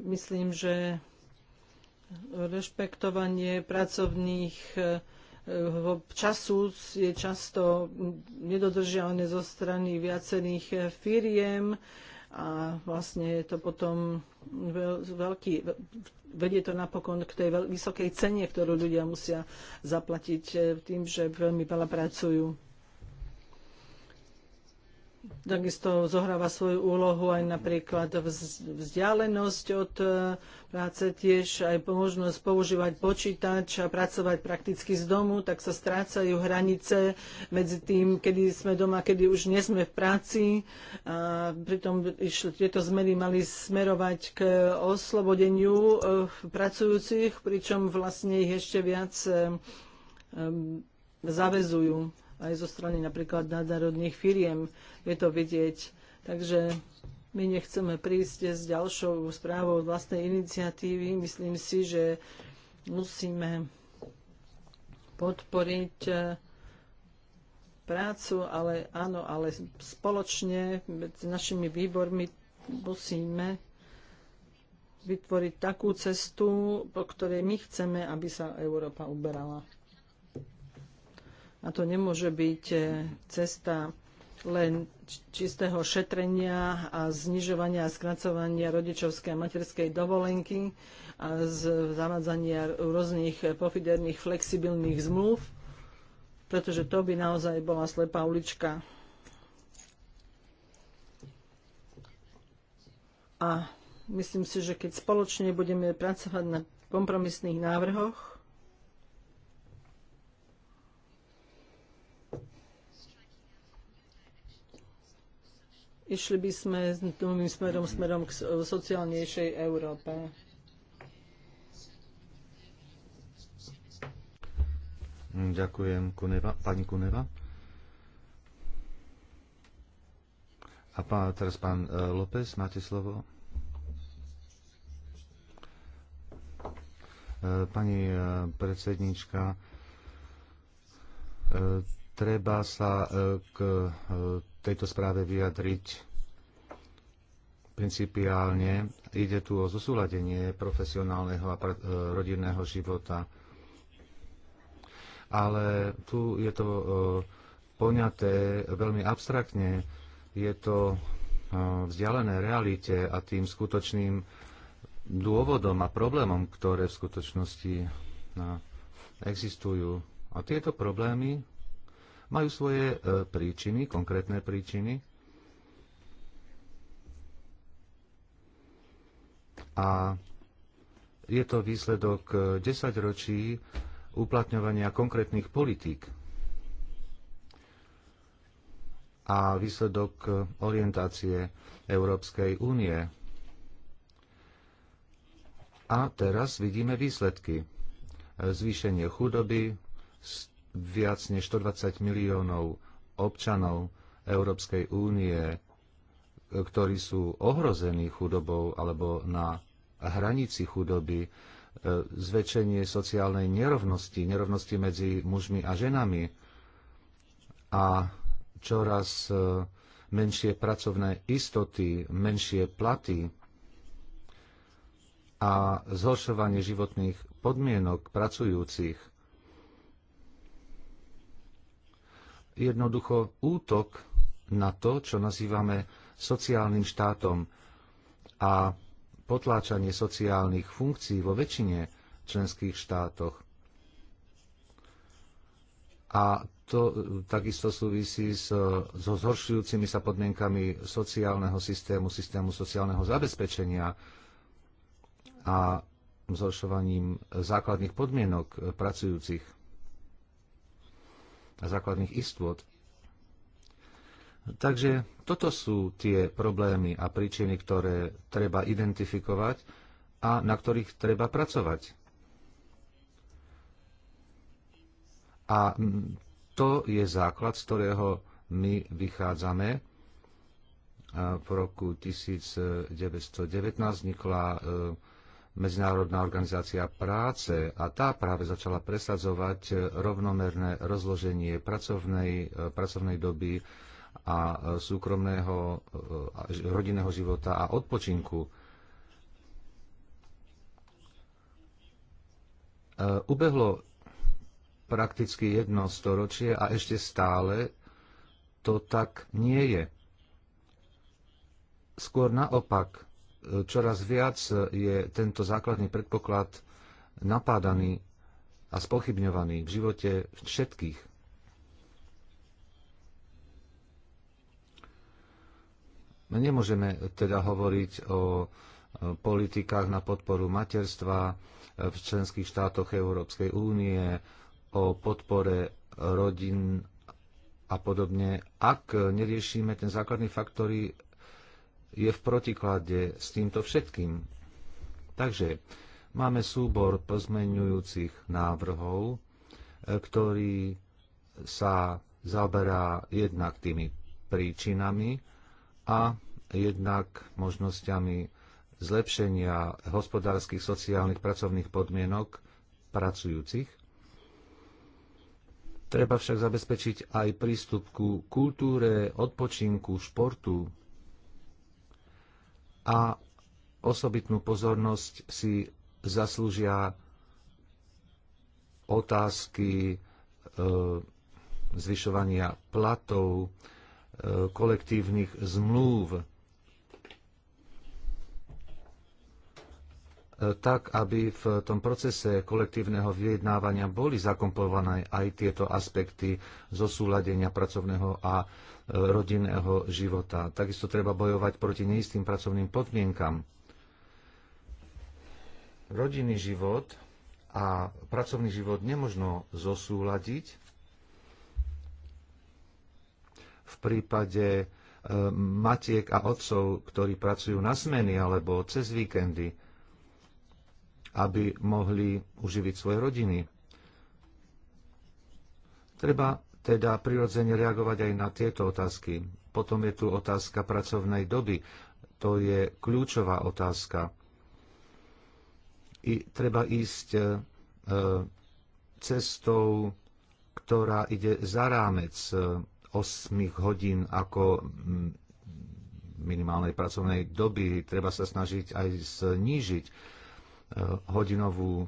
Myslím, že rešpektovanie pracovných e, e, času je často nedodržiavané zo strany viacerých e, firiem a vlastne je to potom veľký, vedie to napokon k tej vysokej cene, ktorú ľudia musia zaplatiť tým, že veľmi veľa pracujú. Takisto zohráva svoju úlohu aj napríklad vzdialenosť od e, práce, tiež aj možnosť používať počítač a pracovať prakticky z domu, tak sa strácajú hranice medzi tým, kedy sme doma, kedy už nie sme v práci. A pritom tieto zmeny mali smerovať k oslobodeniu e, pracujúcich, pričom vlastne ich ešte viac e, zavezujú aj zo strany napríklad nadnárodných firiem. Je to vidieť. Takže my nechceme prísť s ďalšou správou vlastnej iniciatívy. Myslím si, že musíme podporiť eh, prácu, ale áno, ale spoločne medzi našimi výbormi musíme vytvoriť takú cestu, po ktorej my chceme, aby sa Európa uberala. A to nemôže byť e, cesta len čistého šetrenia a znižovania a skracovania rodičovskej a materskej dovolenky a z zavádzania rôznych pofiderných flexibilných zmluv, pretože to by naozaj bola slepá ulička. A myslím si, že keď spoločne budeme pracovať na kompromisných návrhoch, išli by sme novým smerom, smerom k sociálnejšej Európe. Ďakujem, Kuneva. pani Kuneva. A pán, teraz pán e, López, máte slovo. E, pani e, predsednička, treba sa k tejto správe vyjadriť principiálne. Ide tu o zosúladenie profesionálneho a e, rodinného života. Ale tu je to e, poňaté veľmi abstraktne. Je to e, vzdialené realite a tým skutočným dôvodom a problémom, ktoré v skutočnosti existujú. A tieto problémy majú svoje e, príčiny, konkrétne príčiny. A je to výsledok e, desaťročí uplatňovania konkrétnych politík a výsledok e, orientácie Európskej únie. A teraz vidíme výsledky. Zvýšenie chudoby, viac než 120 miliónov občanov Európskej únie, ktorí sú ohrození chudobou alebo na hranici chudoby, e, zväčšenie sociálnej nerovnosti, nerovnosti medzi mužmi a ženami a čoraz e, menšie pracovné istoty, menšie platy a zhoršovanie životných podmienok pracujúcich jednoducho útok na to, čo nazývame sociálnym štátom a potláčanie sociálnych funkcií vo väčšine členských štátoch. A to e, takisto súvisí s, e, so zhoršujúcimi sa podmienkami sociálneho systému, systému sociálneho zabezpečenia a zhoršovaním základných podmienok e, pracujúcich a základných istôt. Takže toto sú tie problémy a príčiny, ktoré treba identifikovať a na ktorých treba pracovať. A to je základ, z ktorého my vychádzame. V roku 1919 vznikla e, Medzinárodná organizácia práce a tá práve začala presadzovať rovnomerné rozloženie pracovnej, eh, pracovnej doby a eh, súkromného eh, rodinného života a odpočinku. Ubehlo prakticky jedno storočie a ešte stále to tak nie je. Skôr naopak, čoraz viac je tento základný predpoklad napádaný a spochybňovaný v živote všetkých. Nemôžeme teda hovoriť o politikách na podporu materstva v členských štátoch Európskej únie, o podpore rodín a podobne, ak neriešime ten základný faktor, je v protiklade s týmto všetkým. Takže máme súbor pozmenujúcich návrhov, e, ktorý sa zaberá jednak tými príčinami a jednak možnosťami zlepšenia hospodárskych, sociálnych, pracovných podmienok pracujúcich. Treba však zabezpečiť aj prístup ku kultúre, odpočinku, športu, a osobitnú pozornosť si zaslúžia otázky e, zvyšovania platov, e, kolektívnych zmluv tak, aby v tom procese kolektívneho vyjednávania boli zakomponované aj tieto aspekty zosúladenia pracovného a e, rodinného života. Takisto treba bojovať proti neistým pracovným podmienkam. Rodinný život a pracovný život nemožno zosúladiť v prípade e, matiek a otcov, ktorí pracujú na smeny alebo cez víkendy aby mohli uživiť svoje rodiny. Treba teda prirodzene reagovať aj na tieto otázky. Potom je tu otázka pracovnej doby. To je kľúčová otázka. I treba ísť e, cestou, ktorá ide za rámec 8 e, hodín ako minimálnej pracovnej doby. Treba sa snažiť aj znížiť Eh, hodinovú eh,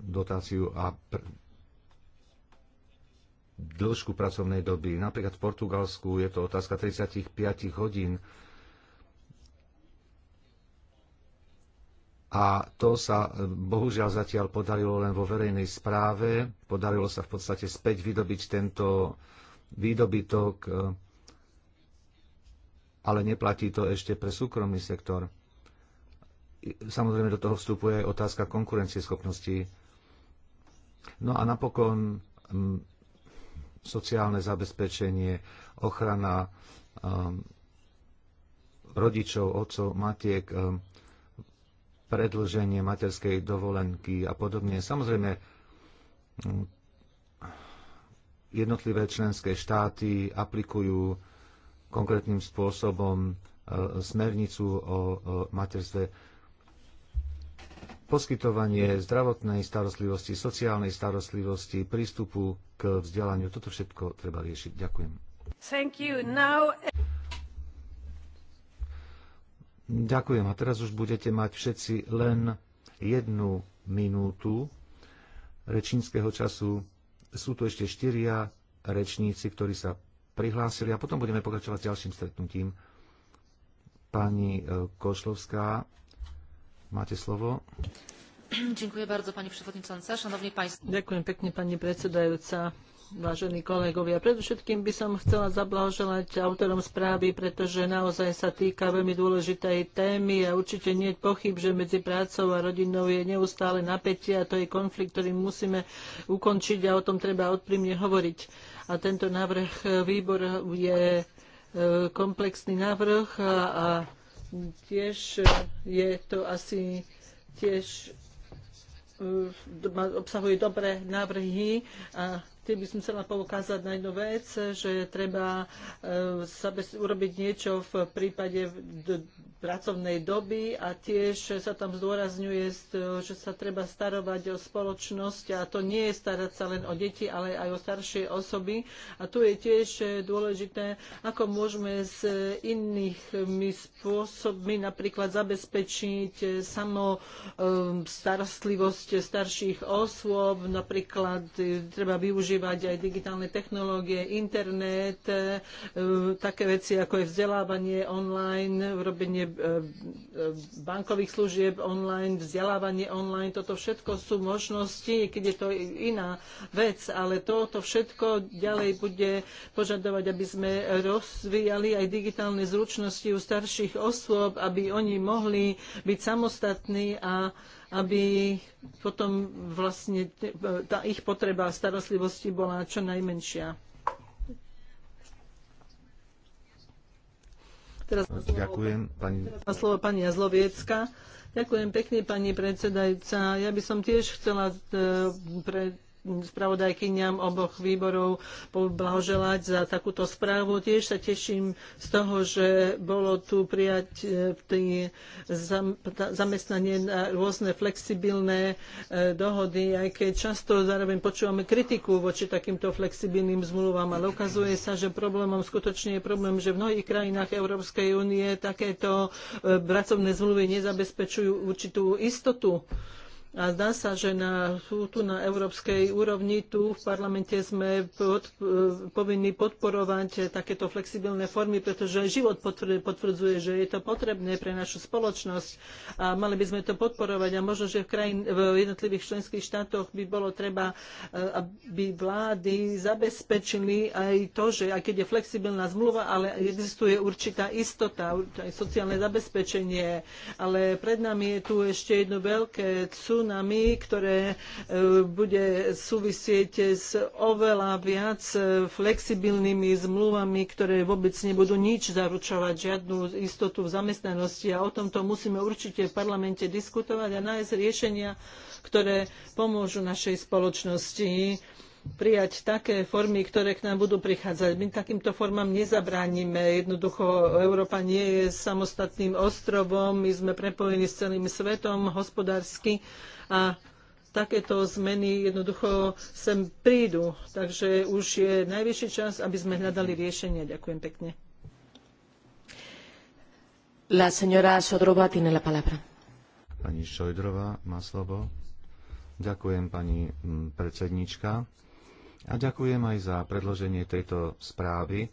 dotáciu a pr- dĺžku pracovnej doby. Napríklad v Portugalsku je to otázka 35 hodín. A to sa eh, bohužiaľ zatiaľ podarilo len vo verejnej správe. Podarilo sa v podstate späť vydobiť tento výdobytok, ale neplatí to ešte pre súkromný sektor samozrejme do toho vstupuje aj otázka konkurencieschopnosti. No a napokon mm, sociálne zabezpečenie, ochrana ehm, rodičov, otcov, matiek, ehm, predlženie materskej dovolenky a podobne. Samozrejme, mm, jednotlivé členské štáty aplikujú konkrétnym spôsobom e, smernicu o materstve poskytovanie zdravotnej starostlivosti, sociálnej starostlivosti, prístupu k vzdelaniu. Toto všetko treba riešiť. Ďakujem. Thank you. Now... Ďakujem. A teraz už budete mať všetci len jednu minútu rečníckého času. Sú tu ešte štyria rečníci, ktorí sa prihlásili a potom budeme pokračovať s ďalším stretnutím. Pani e, Košlovská Máte slovo. bardzo Pani Przewodnicząca. Szanowni Państwo. Ďakujem pekne Pani predsedajúca. Vážení kolegovia, predovšetkým by som chcela zablahoželať autorom správy, pretože naozaj sa týka veľmi dôležitej témy a určite nie je pochyb, že medzi prácou a rodinou je neustále napätie a to je konflikt, ktorý musíme ukončiť a o tom treba odprímne hovoriť. A tento návrh e, výbor je e, komplexný návrh a, a tiež je to asi tiež e, obsahuje dobré návrhy a tým by som chcela poukázať na jednu vec, že treba e, urobiť niečo v prípade pracovnej doby a tiež sa tam zdôrazňuje, že sa treba starovať o spoločnosť a to nie je starať sa len o deti, ale aj o staršie osoby. A tu je tiež dôležité, ako môžeme s inými spôsobmi napríklad zabezpečiť samo um, starostlivosť starších osôb, napríklad e, treba využívať aj digitálne technológie, internet, e, také veci ako je vzdelávanie online, robenie E, e, bankových služieb online, vzdelávanie online, toto všetko sú možnosti, keď je to iná vec, ale toto všetko ďalej bude požadovať, aby sme rozvíjali aj digitálne zručnosti u starších osôb, aby oni mohli byť samostatní a aby potom vlastne e, tá ich potreba starostlivosti bola čo najmenšia. Teraz Ďakujem, pani. Teraz slovo pani Jazloviecka. Ďakujem pekne, pani predsedajúca. Ja by som tiež chcela e, pre spravodajkyňam oboch výborov poblahoželať za takúto správu. Tiež sa teším z toho, že bolo tu prijať e, zamestnanie na rôzne flexibilné e, dohody, aj keď často zároveň počúvame kritiku voči takýmto flexibilným zmluvám, ale ukazuje sa, že problémom skutočne je problém, že v mnohých krajinách Európskej únie takéto e, pracovné zmluvy nezabezpečujú určitú istotu. A zdá sa, že na, tu na európskej úrovni, tu v parlamente sme pod, eh, povinni podporovať takéto flexibilné formy, pretože život potvrdzuje, že je to potrebné pre našu spoločnosť a mali by sme to podporovať. A možno, že v, krajín, v jednotlivých členských štátoch by bolo treba, eh, aby vlády zabezpečili aj to, že aj keď je flexibilná zmluva, ale existuje určitá istota, aj sociálne zabezpečenie. Ale pred nami je tu ešte jedno veľké sú korunami, ktoré e, bude súvisieť s oveľa viac e, flexibilnými zmluvami, ktoré vôbec nebudú nič zaručovať, žiadnu istotu v zamestnanosti. A o tomto musíme určite v parlamente diskutovať a nájsť riešenia, ktoré pomôžu našej spoločnosti prijať také formy, ktoré k nám budú prichádzať. My takýmto formám nezabránime. Jednoducho Európa nie je samostatným ostrovom, my sme prepojení s celým svetom hospodársky a takéto zmeny jednoducho sem prídu. Takže už je najvyšší čas, aby sme hľadali riešenie. Ďakujem pekne. La señora Sodrova tiene la palabra. Pani Šojdrová má slovo. Ďakujem, pani mm, predsednička a ďakujem aj za predloženie tejto správy.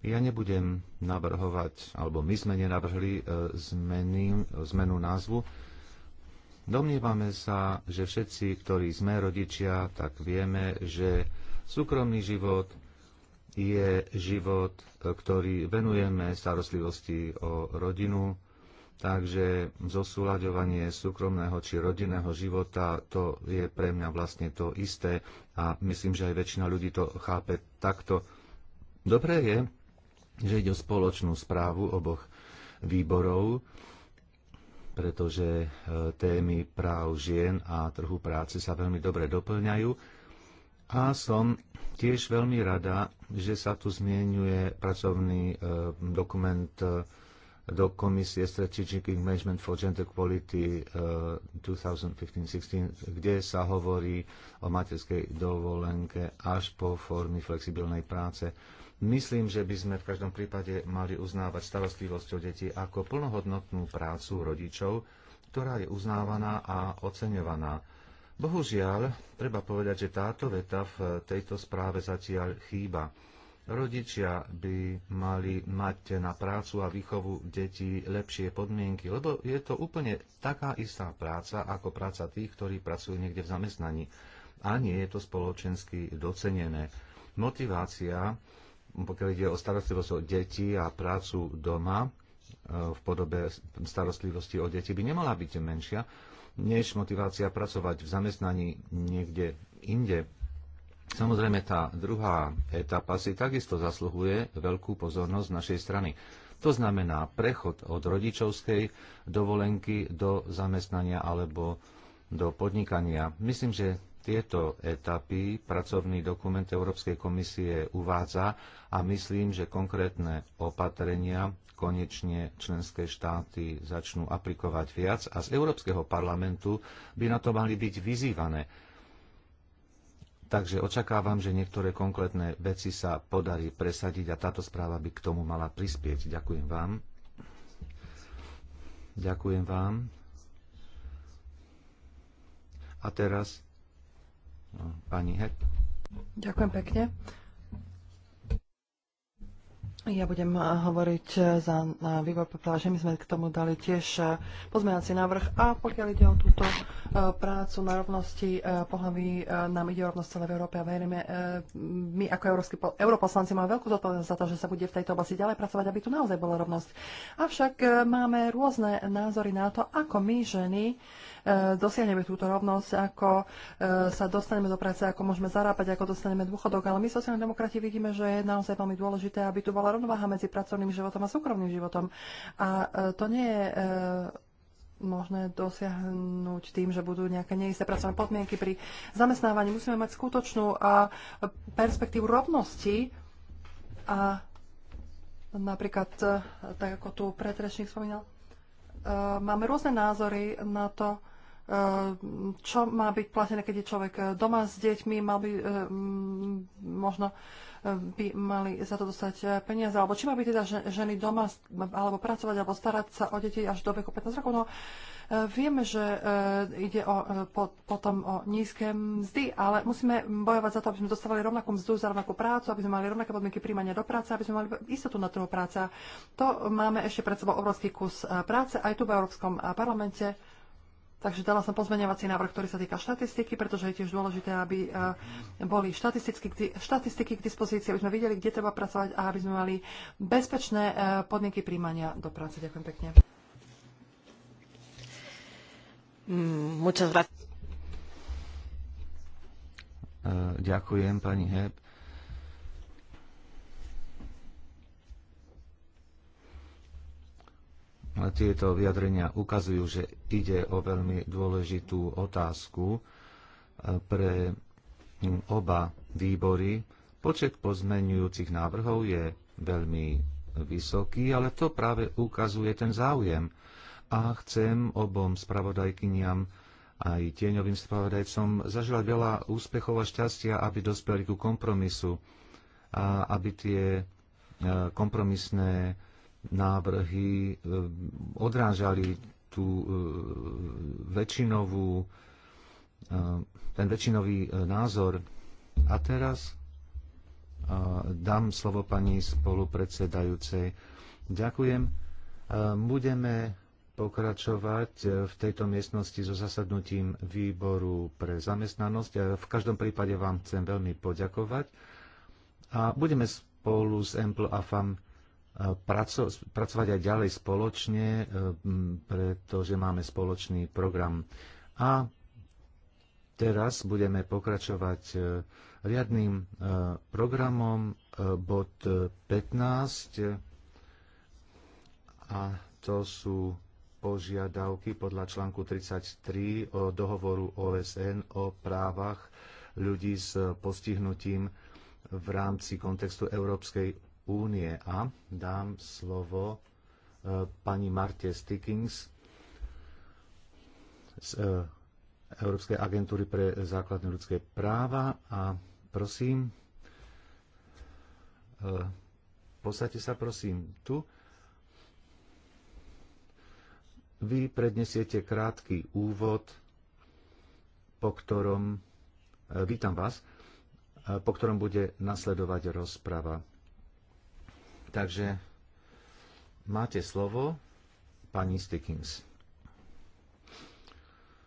Ja nebudem navrhovať, alebo my sme nenavrhli e, zmeny, zmenu názvu. Domnievame sa, že všetci, ktorí sme rodičia, tak vieme, že súkromný život je život, e, ktorý venujeme starostlivosti o rodinu, Takže zosúľaďovanie súkromného či rodinného života, to je pre mňa vlastne to isté a myslím, že aj väčšina ľudí to chápe takto. Dobré je, že ide o spoločnú správu oboch výborov, pretože e, témy práv žien a trhu práce sa veľmi dobre doplňajú. A som tiež veľmi rada, že sa tu zmienuje pracovný e, dokument e, do komisie Strategic Management for Gender Equality 2015-16, eh, kde sa hovorí o materskej dovolenke až po formy flexibilnej práce. Myslím, že by sme v každom prípade mali uznávať starostlivosť o deti ako plnohodnotnú prácu rodičov, ktorá je uznávaná a oceňovaná. Bohužiaľ, treba povedať, že táto veta v tejto správe zatiaľ chýba. Rodičia by mali mať na prácu a výchovu detí lepšie podmienky, lebo je to úplne taká istá práca ako práca tých, ktorí pracujú niekde v zamestnaní. A nie je to spoločensky docenené. Motivácia, pokiaľ ide o starostlivosť o deti a prácu doma e, v podobe starostlivosti o deti, by nemala byť menšia, než motivácia pracovať v zamestnaní niekde inde Samozrejme, tá druhá etapa si takisto zasluhuje veľkú pozornosť z našej strany. To znamená prechod od rodičovskej dovolenky do zamestnania alebo do podnikania. Myslím, že tieto etapy pracovný dokument Európskej komisie uvádza a myslím, že konkrétne opatrenia konečne členské štáty začnú aplikovať viac a z Európskeho parlamentu by na to mali byť vyzývané Takže očakávam, že niektoré konkrétne veci sa podarí presadiť a táto správa by k tomu mala prispieť. Ďakujem vám. Ďakujem vám. A teraz no, pani Hep. Ďakujem pekne. Ja budem eh, hovoriť eh, za eh, výbor Peplá, že my sme k tomu dali tiež pozmeňací návrh a pokiaľ ide o túto prácu na rovnosti pohlaví, nám ide o rovnosť celé v Európe a veríme, my ako európsky europoslanci máme veľkú zodpovednosť za to, že sa bude v tejto oblasti ďalej pracovať, aby tu naozaj bola rovnosť. Avšak máme rôzne názory na to, ako my ženy dosiahneme túto rovnosť, ako sa dostaneme do práce, ako môžeme zarábať, ako dostaneme dôchodok, ale my sociálni demokrati vidíme, že je naozaj veľmi dôležité, aby tu bola bola rovnováha medzi pracovným životom a súkromným životom. A e, to nie je e, možné dosiahnuť tým, že budú nejaké neisté pracovné podmienky pri zamestnávaní. Musíme mať skutočnú perspektívu rovnosti a napríklad, e, tak ako tu predrečník spomínal, máme rôzne názory na to, čo má byť platené, keď je človek doma s deťmi, mal by možno by mali za to dostať eh, peniaze, alebo či má byť teda ženy doma, alebo pracovať, alebo starať sa o deti až do veku 15 rokov. No, eh, vieme, že eh, ide o, po, potom o nízke mzdy, ale musíme bojovať za to, aby sme dostávali rovnakú mzdu za rovnakú prácu, aby sme mali rovnaké podmienky príjmania do práce, aby sme mali istotu na trhu práce. To máme ešte pred sebou obrovský kus práce aj tu v Európskom parlamente Takže dala som pozmeňovací návrh, ktorý sa týka štatistiky, pretože je tiež dôležité, aby eh, boli štatistiky, štatistiky k dispozícii, aby sme videli, kde treba pracovať a aby sme mali bezpečné eh, podmienky príjmania do práce. Ďakujem pekne. Mm, eh, ďakujem, pani Heb. Tieto vyjadrenia ukazujú, že ide o veľmi dôležitú otázku e, pre oba výbory. Počet pozmenujúcich návrhov je veľmi vysoký, ale to práve ukazuje ten záujem. A chcem obom spravodajkyniam aj tieňovým spravodajcom zažilať veľa úspechov a šťastia, aby dospeli ku kompromisu a aby tie e, kompromisné návrhy e, odrážali tú e, väčšinovú, e, ten väčšinový názor. A teraz dám slovo pani spolupredsedajúcej. Ďakujem. Budeme pokračovať v tejto miestnosti so zasadnutím výboru pre zamestnanosť. V každom prípade vám chcem veľmi poďakovať a budeme spolu s Empl a FAM praco- pracovať aj ďalej spoločne, e, pretože máme spoločný program. A teraz budeme pokračovať e, riadným e, programom bod 15 a to sú požiadavky podľa článku 33 o dohovoru OSN o právach ľudí s postihnutím v rámci kontextu Európskej únie. A dám slovo e, pani Marte Stickings z e, Európskej agentúry pre základné ľudské práva a prosím, e, posadte sa prosím tu. Vy prednesiete krátky úvod, po ktorom, vítam vás, po ktorom bude nasledovať rozprava. Takže máte slovo, pani Stickings.